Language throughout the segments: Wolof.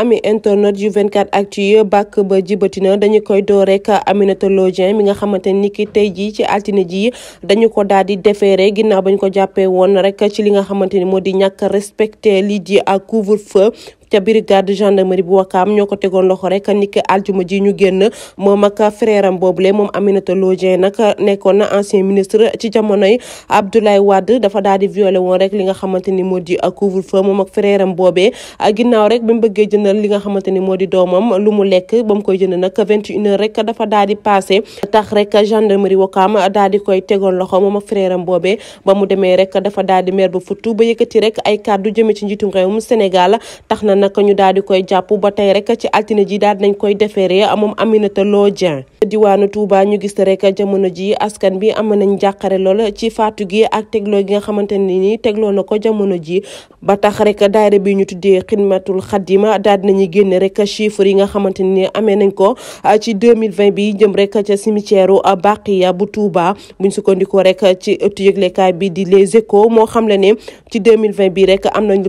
ami internet yu 24 actu yi bàkk ba jibatina dañu koy door rek Aminata Lô Dieng mi nga xamante ni ki tey jii ci altine ji dañu ko daal di defeere ginnaaw bañ ko jàppee woon rek ci li nga xamante ni moo di ñàkk respecté lii di ak couvre feu ca brigade gendarmerie bu Wakaam ñoo ko tegoon loxo rek niki aljuma ji ñu génn moom a frère am boobule moom Aminata Lô Dieng nag nekkoon na ancien ministre ci jamonoy Abdoulaye wadd dafa daal di violé woon rek li nga xamante ni moo di couvre feu moom ak frère am boobee ginnaaw rek bi bëggee jëndal li nga xamante ni moo di doomam lu mu lekk ba mu koy jënd nag vingt et une rek dafa daal di passé tax rek gendarmerie Wakaam daal di koy tegoon loxo moom ak frère am boobee ba mu demee rek dafa daal di mer ba futtu ba yëkkati rek ay kàddu jëme ci njiitum réewum Sénégal tax naka ñu daal di koy jàpp ba tey rek ci altine ji daal nañ koy defeere moom Aminata Lo Dieng diwaanu Touba ñu gis rek jamono ji askan bi am nañ jàqare lool ci faatu gi ak tegloo gi nga xamante ne ni tegloo na ko jamono ji ba tax rek daayira bi ñu tuddee xidmatul xadima daal nañu génne rek chiffre yi nga xamante ni amee nañ ko ah, ci 2020 bi jëm rek ca cimetière ah, Baqiya bu Touba buñ sukkandikoo rek ci ëttu yëglekaay bi di Les Échos moo xam le ne ci 2020 bi rek am nañ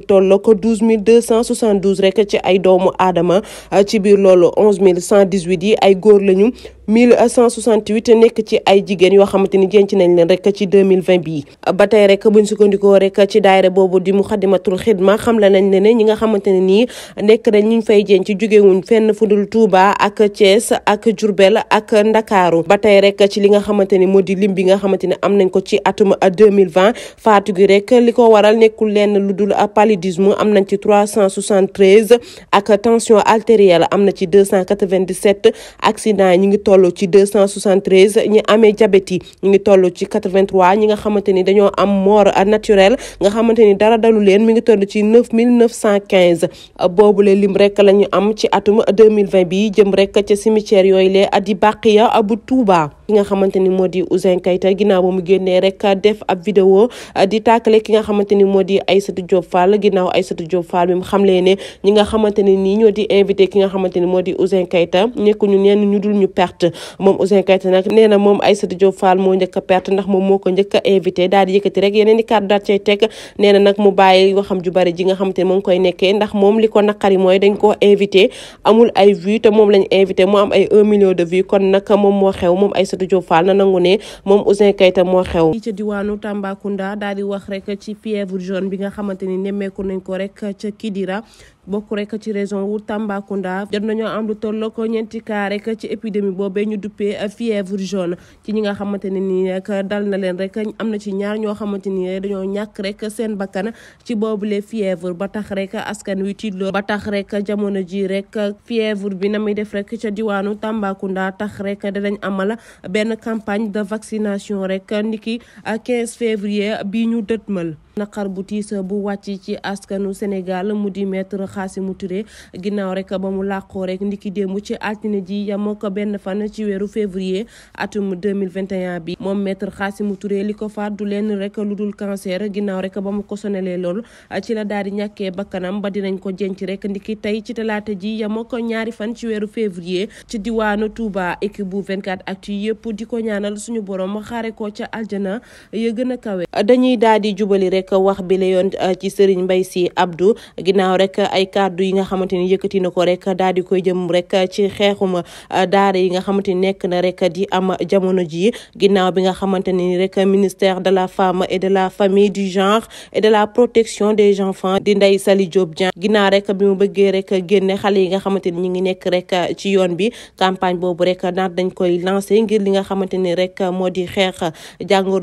lu 92 rek ci ay doomu aadama ci biir loolu dix 118 yi ay góor lañu 1168 nekk ci ay jigéen yoo xamante ni jenc nañ leen rek ci 2020 bii ba tey rek buñ sukkandikoo rek ci daayira boobu di mu Muxaddamatul Xidma xam la nañ ne ne ñi nga xamante ne nii nekk nañ ñu fay jenc jógewuñ fenn fu dul tuuba ak Thiès ak Diourbel ak Ndakaaru ba tey rek ci li nga xamante ni moo di lim bi nga xamante ne am nañ ko ci atum 2020 faatu gi rek li ko waral nekkul lenn lu dul paludisme am nañ ci 373 ak tension artérielle am na ci 297 accident ñi ngi toll ci 273 ñi amee diabète yi ñu ngi toll ci 83 ñi nga xamante ni dañoo am mort naturelle nga xamante ni dara dalu leen mi ngi toll ci 9915 boobule lim rek la ñu am ci atum vingt bi jëm rek ca cimetière yooyu lee di Baqiya bu Touba ki nga xamante ni moo di Ouzin Keita uh, nga xamante ni moo di Aïssatou Diop Fall ginnaaw Aïssatou Diop Fall bi mu xamlee ne ñi nga di ki nga xamante ni moo di Ouzin Keita nekkuñu ñenn ñu dul ñu perte moom Ouzin Keita nag nee na moom Aïssatou Diop Fall moo njëkk a perte ndax moom moo ko njëkk a invité daal di yëkkati rek yeneen i kàddu daal ko naqari amul ay vues te moom lañ invité mu am ay un million de vues kon nag moom moo xew moom Aïssatou Aïssatou Diop na nangu ne moom Ouzin Keita moo xew ci diwaanu Tambacounda daal di wax rek ci fièvre jaune bi nga xamante ni nemmeeku nañ ko rek a ca Kidira bokk rek ci région wu Tambacounda jot nañoo am lu toll ko ñeenti cas rek ci épidémie boobee ñu duppee fièvre jaune ci ñi nga xamante ne nii rek dal na leen rek am na ci ñaar ñoo xamante ni dañoo ñàkk rek seen bakkan ci boobu boobule fièvre ba tax rek askan wi tiitloo ba tax rek jamono ji rek fièvre bi na muy def rek ca diwaanu Tambacounda tax rek danañ amal benn campagne de vaccination rek niki 15 février bi ñu dëtmal naqar bu tiis bu wàcc ci askanu Sénégal mu di maître Khassimou ture ginnaaw rek ba mu làqoo rek ndiki démb ci altine ji yamoo ko benn fan ci weeru février atum 2021 bi moom maître Khassimou Touré li ko faat du leen rek lu dul cancer ginnaaw rek ba mu ko sonalee loolu ci la daal di ñàkkee bakkanam ba dinañ ko jenc rek ndiki tey ci talaate ji yamoo ko ñaari fan ci weeru février ci diwaanu Touba équipe bu 24 actu yëpp di ko ñaanal suñu borom xaare ko ca aljana ya gën a kawe dañuy daal di jubali rek rek wax bi la yoon euh, ci Serigne Mbaye Sy Abdou ginnaaw rek ay kàddu yi nga xamante ni yëkkati na ko rek daal di koy jëm rek ci xeexum euh, daara yi nga xamante ni nekk na rek di am jamono ji ginnaaw bi nga xamante ni rek ministère de la femme et de la famille du genre et de la protection des enfants di Ndeye sali Diop Dieng ginnaaw rek bi mu bëggee rek génne xale yi nga xamante ni ñu ngi nekk rek ci yoon bi campagne boobu rek naat dañ koy lancé ngir li nga xamante ni rek moo di xeex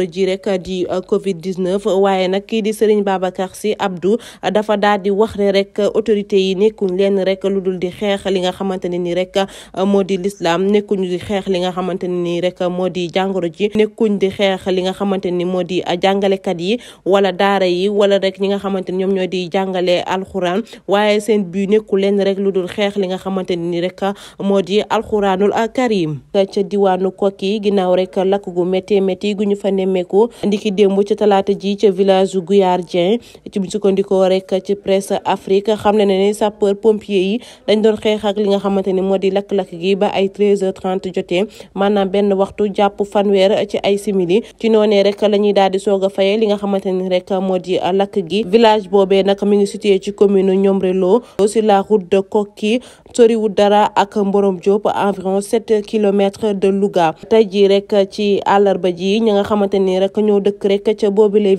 ji rek di euh, covid 19 waaye nag kii di Serigne Babacar Sy Abdou dafa daal di wax ne rek autorité yi nekkuñ leen rek lu dul di xeex li nga xamante ne ni rek euh, moo di l'islam nekkuñ di xeex li nga xamante ne ni rek moo di jàngoro ji nekkuñ di xeex li nga xamante ni moo di euh, jàngalekat yi wala daara yi wala rek ñi nga xamante ni ñoom ñoo di jàngale alxuraan waaye seen bu nekku leen rek lu dul xeex li nga xamante ne ni rek euh, moo di alxuraanul karim ca diwaanu Koki ginnaaw rek lakk gu métti métti gu ñu fa nemmeeku ndiki démb ca talaata ji ca village Guyar Dieng ci bu sukkandikoo rek ci presse Afrique xam ne ne sapeur pompier yi dañ doon xeex ak li nga xamante ni moo di lakk-lakk gi ba ay 13h30 jotee maanaam benn waxtu jàpp fanweer ci ay simili ci noonee rek la ñuy daal di soog a fayee li nga xamante ni rek moo di lakk gi village boobee nag mi ngi situé ci commune Ñomrelo sur la route de Kokki soriwul dara ak Mborom Diop environ 7 kilomètres de Louga tey jii rek ci àllarba ji ñi nga xamante ni rek ñoo dëkk rek ca boobu les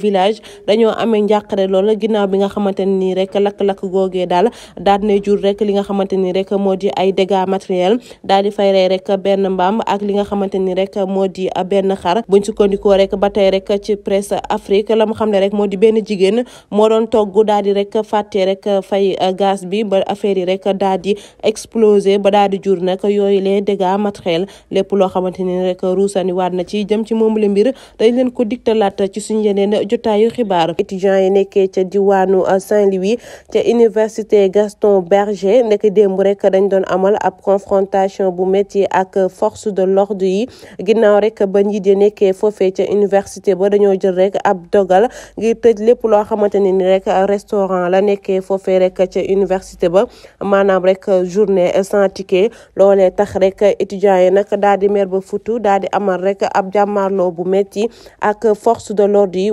dañoo amee njàqare loola ginnaaw bi nga xamante ne nii rek lakk-lakk googee daal daal ne jur rek li nga xamante ni rek moo di ay dégâts matériels daal di fay rey rek benn mbaam ak li nga xamante ni rek moo di benn xar buñ sukkandikoo rek ba tey rek ci presse Afrique la mu xam ne rek moo di benn jigéen moo doon togg daal di rek fàtte rek fay gaz bi ba affaire yi rek daal di explosé ba daal di jur nag yooyu les dégâts matériels lépp loo xamante ni rek ruusani waat na ci jëm ci moom le mbir dañ leen ko digtalaat ci suñu yeneen jotaayu xibaar xibaar étudiants yi nekkee ca diwaanu Saint-Louis ca université Gaston Berger nekk démb rek dañ doon amal ab confrontation bu métti ak force de l'ordre yi ginnaaw rek ba njiit yi nekkee foofee ca université ba dañoo jël rek ab dogal ngir tëj lépp loo xamante ne ni rek restaurant la nekkee foofee rek ca université ba maanaam rek journée sans ticket loolee tax rek étudiants yi nag daal di mer ba futu daal di amal rek ab jàmmarloo bu métti ak force de l'ordre yi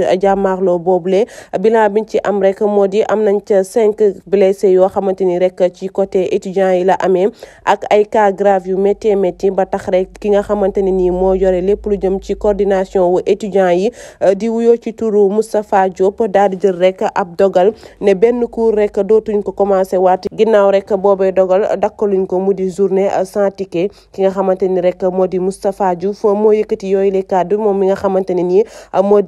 biir jàmmaarloo boobule bilan biñ ci am rek moo di am nañ ca cinq blessés yoo xamante ni rek ci côté étudiants yi la amee ak ay cas grave yu métti métti ba tax rek ki nga xamante ne nii moo yore lépp lu jëm ci coordination wu yi euh, di wuyoo ci turu Moustapha Diop daal di jël rek ab dogal ne benn cours rek dootuñ ko commencé waat ginnaaw rek boobee dogal dakkaluñ ko mu di journée sans ticket nga xamante ni rek moo di Moustapha Diouf moo yëkkati yooyu les cadres moom mi nga xamante ne nii moo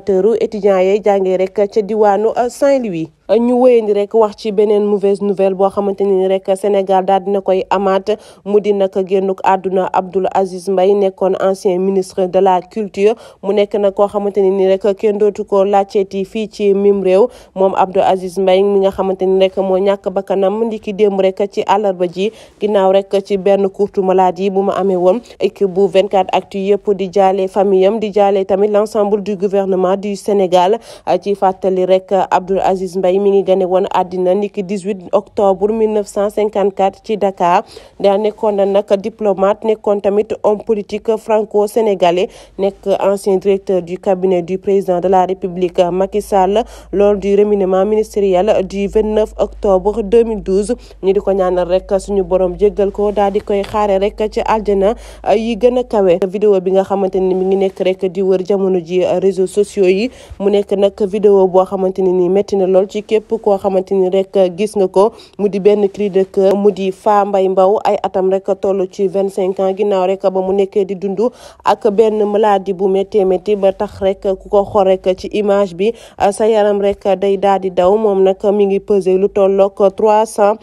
coordinateur étudiants yee jàngee rek ca diwaanu Saint-Louis. ñu wéyandi rek wax ci beneen mauvaise nouvelle boo xamante ni rek Sénégal daal dina koy amaat mu di nag génnuk àdduna Abdoul Aziz mbay nekkoon ancien ministre de la culture mu nekk na koo xamante ne ni rek kenn dootu ko laajteeti fii ci mim réew moom Abdoul Aziz Mbaye mi nga xamante ni rek moo ñàkk bakkanam ndiki démb rek ci àllarba ji ginnaaw rek ci benn courte maladie bu ma amee woon équipe bu 24 actu yëpp di jaale famille yam di jaale tamit l' ensemble du gouvernement du Sénégal ci fàttali rek Abdoul Aziz Mbaye Ndiaye mi ngi gane woon àddina niki 18 octobre 1954 ci Dakar daa nekkoon na nag diplomate nekkoon tamit homme politique franco-sénégalais nekk ancien directeur du cabinet du président de la République Macky Sall lors du remaniement ministériel du 29 octobre 2012 ñu di ko ñaanal rek suñu borom jéggal ko daal di koy xaare rek ci aljana yi gën a kawe vidéo bi nga xamante ni mi ngi nekk rek di wër jamono ji réseaux sociaux yi mu nekk nag vidéo boo xamante ni lool képp koo xamante ni rek gis nga ko mu di benn cri de cœur mu di Faa Mbay Mbaw ay atam rek toll ci vingt cinq ans ginnaaw rek ba mu nekkee di dund ak benn maladie bu métti métti ba tax rek ku ko xool rek ci image bi sa yaram rek day daal di daw moom nag mi ngi pesé lu tollook trois cent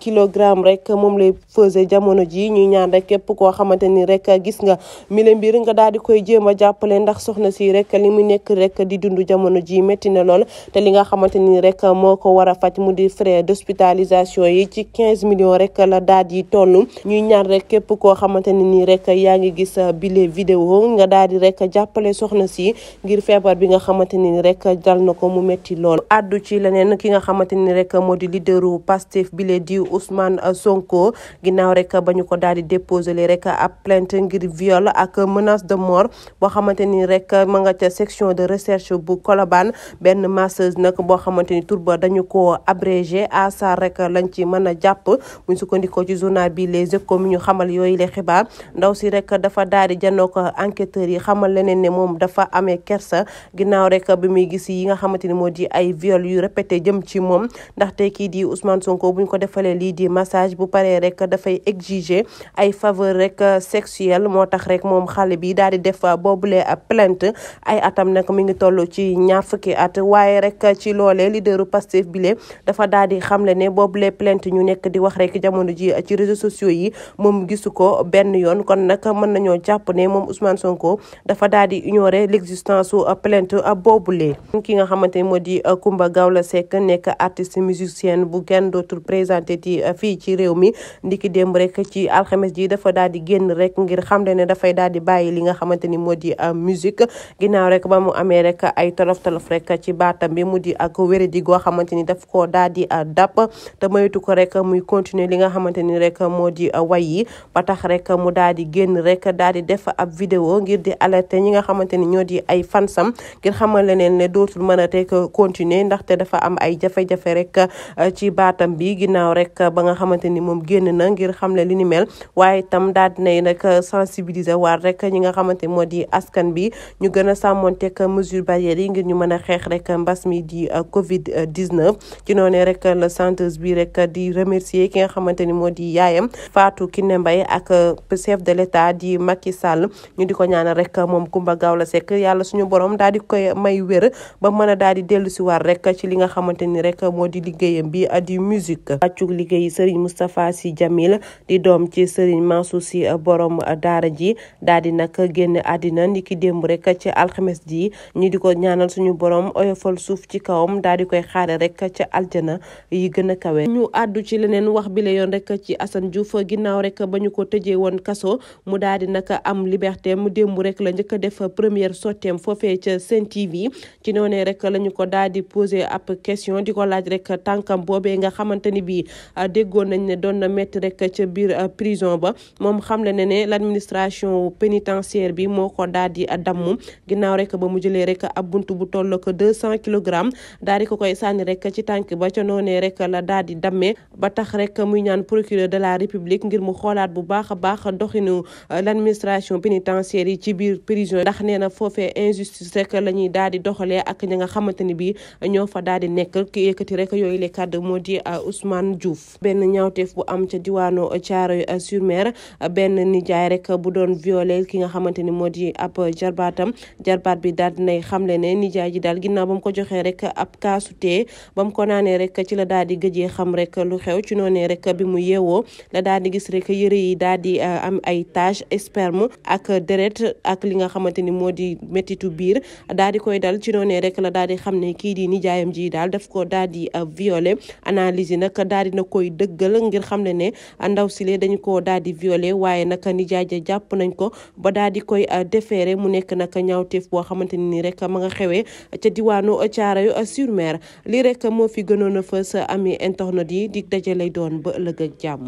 kilogramme rek moom lay pesé jamono ji ñuy ñaan rek képp koo xamante ni rek gis nga mile mbir nga daal di koy jéem a jàppale ndax soxna si rek li mu nekk rek di dund jamono ji métti na lool te li nga xamante ni rek moo ko war a faj mu di frais d'hospitalisation yi ci quinze millions rek la daal di toll ñuy ñaan rek képp koo xamante ne nii rek yaa ngi gis bile vidéo nga daal di rek jàppale soxna si ngir feebar bi nga xamante ni rek dal na ko mu metti lool addu ci leneen ki nga xamante ni rek moo di leaderu Pastef bile di Ousmane Sonko ginnaaw rek ba ñu ko daal di déposé rek ab plainte ngir viol ak menace de mort boo xamante ni rek ma nga ca section de recherche bu Colobane benn tur ba dañu ko abrégé ASAR rek lañ ci mën a jàpp buñ sukkandikoo ci journal bi Les Échos mi ñu xamal yooyu les xibaar ndaw si rek dafa daal di janoo ko enquêteurs yi xamal leneen ne moom dafa amee kersa ginnaaw rek bi muy gis yi nga xamante ni moo di ay viol yu répété jëm ci moom ndaxte kii di Ousmane Sonko buñ ko defalee lii di massage bu paree rek dafay exiger ay faveur rek sexuelle moo tax rek moom xale bi daal di def boobulee plainte ay atam nag mi leaderu Pastef bile dafa daal di xamle ne boobu les plainte ñu nekk di wax rek jamono ji ci réseaux sociaux yi moom gisu ko benn yoon kon nag mën nañoo jàpp ne moom Ousmane Sonko dafa daal di ignorer l'existence su plainte boobule. ki nga xamante ni moo di Kumba Gawla Seck nekk artiste musicienne bu kenn dootul présenté ci fii ci réew mi ndiki démb rek ci alxames ji dafa daal di génn rek ngir xamle ne dafay daal di bàyyi li nga xamante ni moo di musique ginnaaw rek ba mu amee rek ay tolof goo xamante ni daf ko daal di ah, dàpp te moytu ko rek muy continuer li nga xamante ni rek moo di ah, way yi ba tax rek mu daal di génn rek daal di def ab vidéo ngir di alerter ñi nga xamante ni ñoo di ay fansam ngir xamal leen ne dootul mën a teg continuer ndaxte dafa am ay jafe-jafe rek ah, ci baatam bi ginnaaw rek ba nga xamante ni moom génn na ngir xamle li ni mel waaye itam daal di nag sensibiliser waar rek ñi nga xamante moo di askan bi ñu gën a sàmmoonteeg mesure barrière ñu mën a xeex 19 ci noonee rek la chanteuse rek di remercier ki nga xamante ni moo di yaayam Fatou Kiné Mbaye ak euh, chef de l'état di Macky Sall ñu di ko ñaanal rek moom Coumba Gawlo Seck yàlla suñu borom daal di koy may wér ba mën a daal di dellu rek ci li nga xamante ni rek moo di liggéeyam bi di musique wàccug liggéey Serigne Moustapha Sy Djamil di doom ci Serigne Mansour si borom daara ji daal di nag génn àddina ni ki démb rek ci alxemes ji ñu di ko ñaanal suñu borom oyofal suuf ci kawam daal koy koy xaare rek ca aljana yi gën a kawe ñu àddu ci leneen wax bi la yoon rek ci Assane Diouf ginnaaw rek ba ñu ko tëjee woon kaso mu daal di nag am liberté mu démb rek la njëkk a def première sotteem foofee ca Sen TV ci noonee rek lañu ko daal di posé ab question di ko laaj rek tànkam boobee nga xamante ni bii ah, déggoon nañ ne doon na métti rek ca biir ah, prison ba moom xam le ne ne l' administration pénitentiaire bi moo ko daal di damm ginnaaw rek ba mu jëlee rek ab buntu bu toll koy sànni rek ci tànk ba ca noonee rek la daal di dammee ba tax rek muy ñaan procureur de la république ngir mu xoolaat bu baax a baax doxinu euh, l' administration pénitentiaire yi ci biir prison ndax nee na foofee injustice rek la ñuy daal di doxalee ak ña nga xamante ni bii ñoo fa daal di nekk ki yëkkati rek yooyu le kàddu moo di euh, Ousmane Diouf benn ñaawteef bu am ca diwaanu Thiaroye euh, sur Mer benn nijaay rek bu doon violé ki nga xamante ni moo di ab jarbaatam jarbaat bi daal dinay xamle ne nijaay ji daal ginnaaw ba mu ko joxee rek ab kaasu te ba ko naanee rek ci la daal di gëjee xam rek lu xew ci noonee rek bi mu yewoo la daal di gis rek yëre yi daal di euh, am ay tache sperme ak deret ak li nga xamante ni moo di méttitu biir daal di koy dal ci noonee rek la daal di xam ne kii di nijaayam ji daal def ko daal di euh, violé analyse yi nag daal di na koy dëggal ngir xam ne ne ndaw le dañu ko daal di violé waaye nag nijaay ja jàpp nañ ko ba daal di koy euh, defeere mu nekk nag ñaawteef boo xamante ni rek ma nga xewee ca diwaanu Thiaroye sur lii rek moo fi gënoon a fës ami internet yi di dajalay doon ba ëllëg a jàmm